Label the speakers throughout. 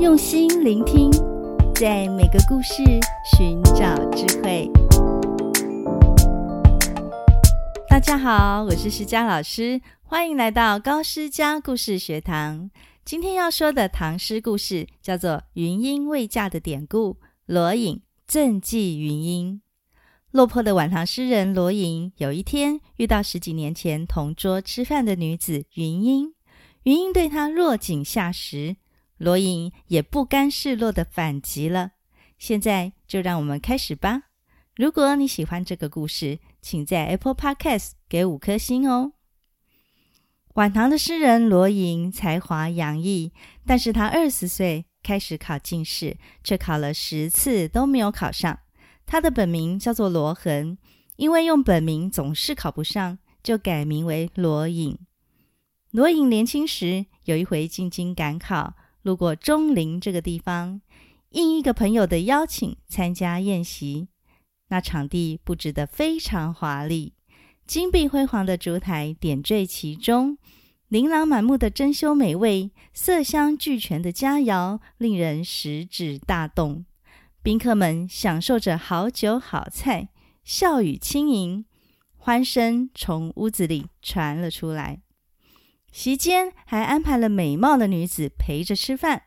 Speaker 1: 用心聆聽，在每個故事尋找智慧。大家好，我是詩佳老師，歡迎來到高詩佳故事學堂。今天要說的唐詩故事叫做《雲英未嫁》的典故。羅隱贈妓雲英，落魄的晚唐詩人羅隱有一天遇到十幾年前同桌吃飯的女子雲英，雲英對他落井下石。羅隱也不甘示弱的反擊了。現在就讓我們開始吧。如果你喜歡這個故事，請在 Apple Podcast 給五顆星哦。晚唐的詩人羅隱才華洋溢，但是他二十歲開始考進士，卻考了十次都沒有考上。他的本名叫做羅恆，因為用本名總是考不上，就改名為羅隱。羅隱年輕時有一回進京趕考，路過鐘陵這個地方，應一個朋友的邀請參加宴席。那場地布置得非常華麗，金碧輝煌的燭台點綴其中，琳琅滿目的珍饈美味，色香俱全的佳餚令人食指大動。賓客們享受着好酒好菜，笑語輕盈，歡聲從屋子裡傳了出來。席間還安排了美貌的女子陪着吃飯，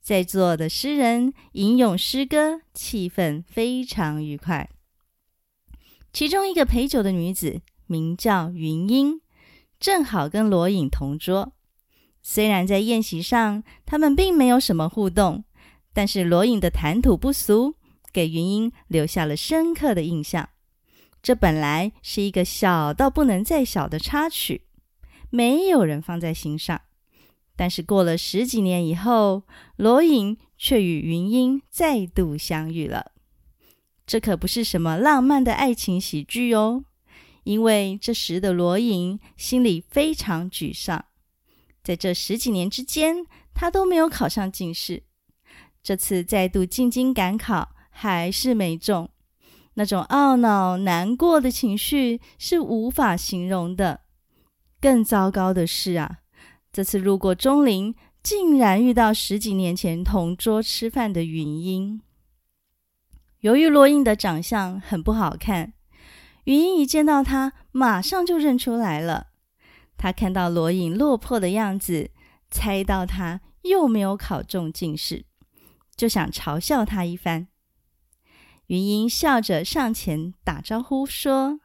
Speaker 1: 在座的詩人吟詠詩歌，氣氛非常愉快。其中一個陪酒的女子名叫雲英，正好跟羅隱同桌。雖然在宴席上他們並沒有什麼互動，但是羅隱的談吐不俗，給雲英留下了深刻的印象。這本來是一個小到不能再小的插曲。沒有人放在心上，但是過了十幾年以後，羅隱卻與雲英再度相遇了。這可不是什麼浪漫的愛情喜劇哦，因為這時的羅隱心裡非常沮喪。在這十幾年之間，他都沒有考上進士，這次再度進京趕考還是沒中，那種懊惱難過的情緒是無法形容的。更糟糕的是啊，這次路過鐘陵，竟然遇到十幾年前同桌吃飯的雲英。由於羅隱的長相很不好看，雲英一見到他，馬上就認出來了。他看到羅隱落魄的樣子，猜到他又沒有考中進士，就想嘲笑他一番。雲英笑着上前打招呼說。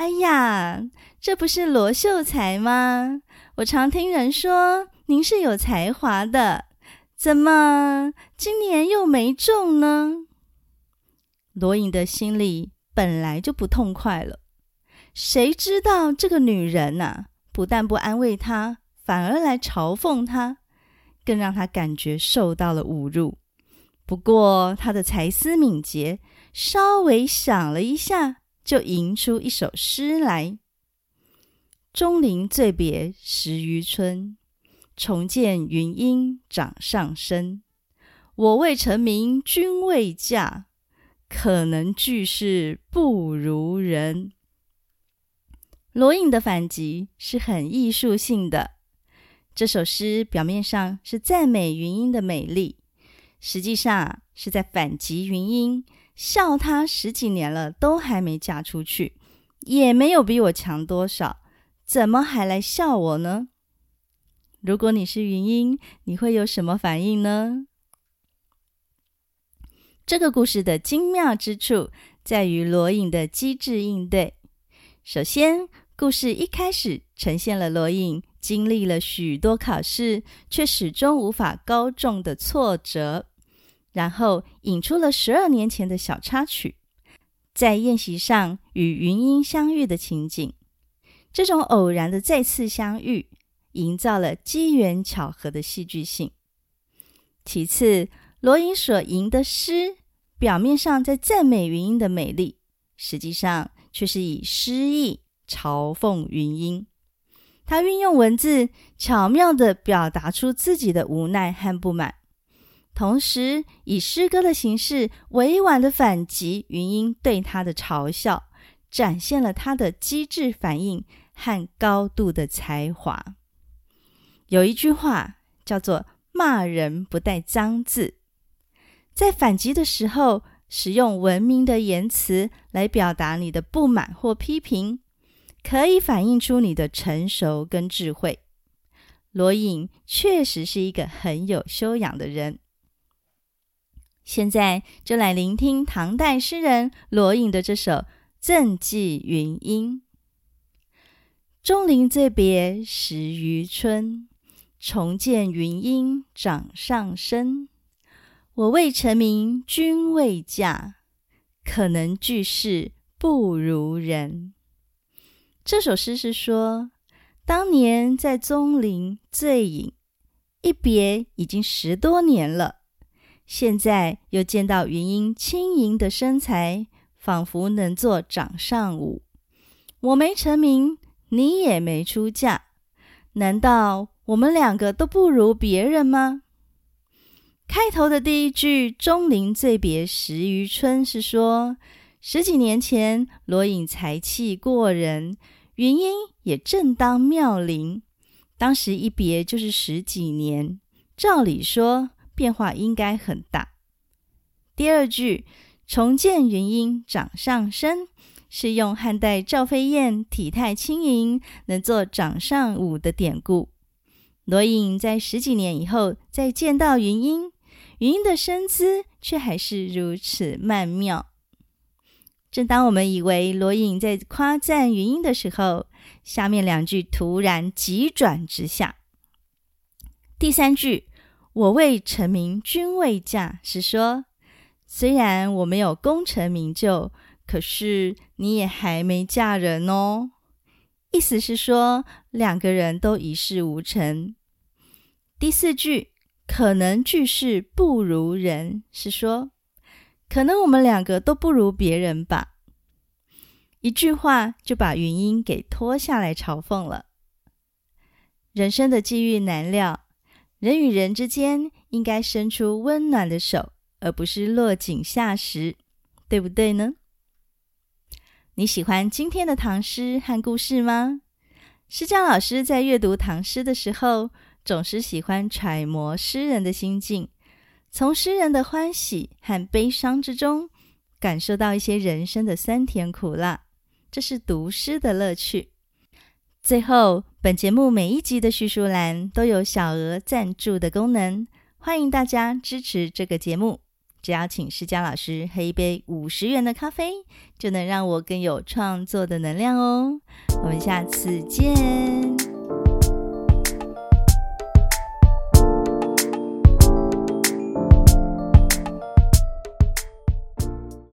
Speaker 1: 哎呀，這不是羅秀才嗎？我常聽人說您是有才華的，怎麼今年又沒中呢？羅隱的心裡本來就不痛快了，誰知道這個女人吶、啊，不但不安慰他，反而來嘲諷他，更讓他感覺受到了侮辱。不過他的才思敏捷，稍微想了一下。就吟出一首詩來：“鐘陵醉別十餘春，重見雲英掌上身。我未成名君未嫁，可能俱是不如人。”羅隱的反擊是很藝術性的。這首詩表面上是讚美雲英的美麗。實際上是在反擊雲英，笑她十幾年了都還沒嫁出去，也沒有比我強多少，怎麼還來笑我呢？如果你是雲英，你會有什麼反應呢？這個故事的精妙之處在於羅隱的機智應對。首先，故事一開始呈現了羅隱經歷了許多考試，卻始終無法高中的挫折。然後引出了十二年前的小插曲，在宴席上與雲英相遇的情景。這種偶然的再次相遇，營造了機緣巧合的戲劇性。其次，羅隱所吟的詩，表面上在讚美雲英的美麗，實際上卻是以詩意嘲諷雲英。他運用文字巧妙地表達出自己的無奈和不滿。同時，以詩歌的形式委婉地反擊雲英對他的嘲笑，展現了他的機智反應和高度的才華。有一句話叫做“罵人不帶髒字”，在反擊的時候，使用文明的言辭來表達你的不滿或批評，可以反映出你的成熟跟智慧。羅隱確實是一個很有修養的人。現在就來聆聽唐代詩人羅隱的這首《贈妓雲英》：鐘陵醉別十餘春，重見雲英掌上身。我未成名君未嫁，可能俱是不如人。這首詩是說，當年在鐘陵醉飲，一別已經十多年了。現在又見到雲英輕盈的身材，仿佛能做掌上舞。我沒成名，你也沒出嫁，難道我們兩個都不如別人嗎？開頭的第一句“鐘陵醉別十餘春”是說十幾年前羅隱才氣過人，雲英也正當妙齡，當時一別就是十幾年。照理說。變化應該很大。第二句“重見雲英掌上身”是用漢代趙飛燕體態輕盈，能做掌上舞的典故。羅隱在十幾年以後再見到雲英，雲英的身姿卻還是如此曼妙。正當我們以為羅隱在誇讚雲英的時候，下面兩句突然急轉直下。第三句。我未成名，君未嫁，是說雖然我沒有功成名就，可是你也還沒嫁人哦。意思是說兩個人都一事無成。第四句，可能俱是不如人，是說可能我們兩個都不如別人吧。一句話就把雲英給拖下來嘲諷了。人生的際遇難料。人與人之間應該伸出溫暖的手，而不是落井下石，對不對呢？你喜歡今天的唐詩和故事嗎？施教老師在閱讀唐詩的時候，總是喜歡揣摩詩人的心境，從詩人的歡喜和悲傷之中，感受到一些人生的酸甜苦辣，這是讀詩的樂趣。最後，本節目每一集的敘述欄都有小額贊助的功能，歡迎大家支持這個節目。只要請施佳老師喝一杯五十元的咖啡，就能讓我更有創作的能量哦。我們下次見。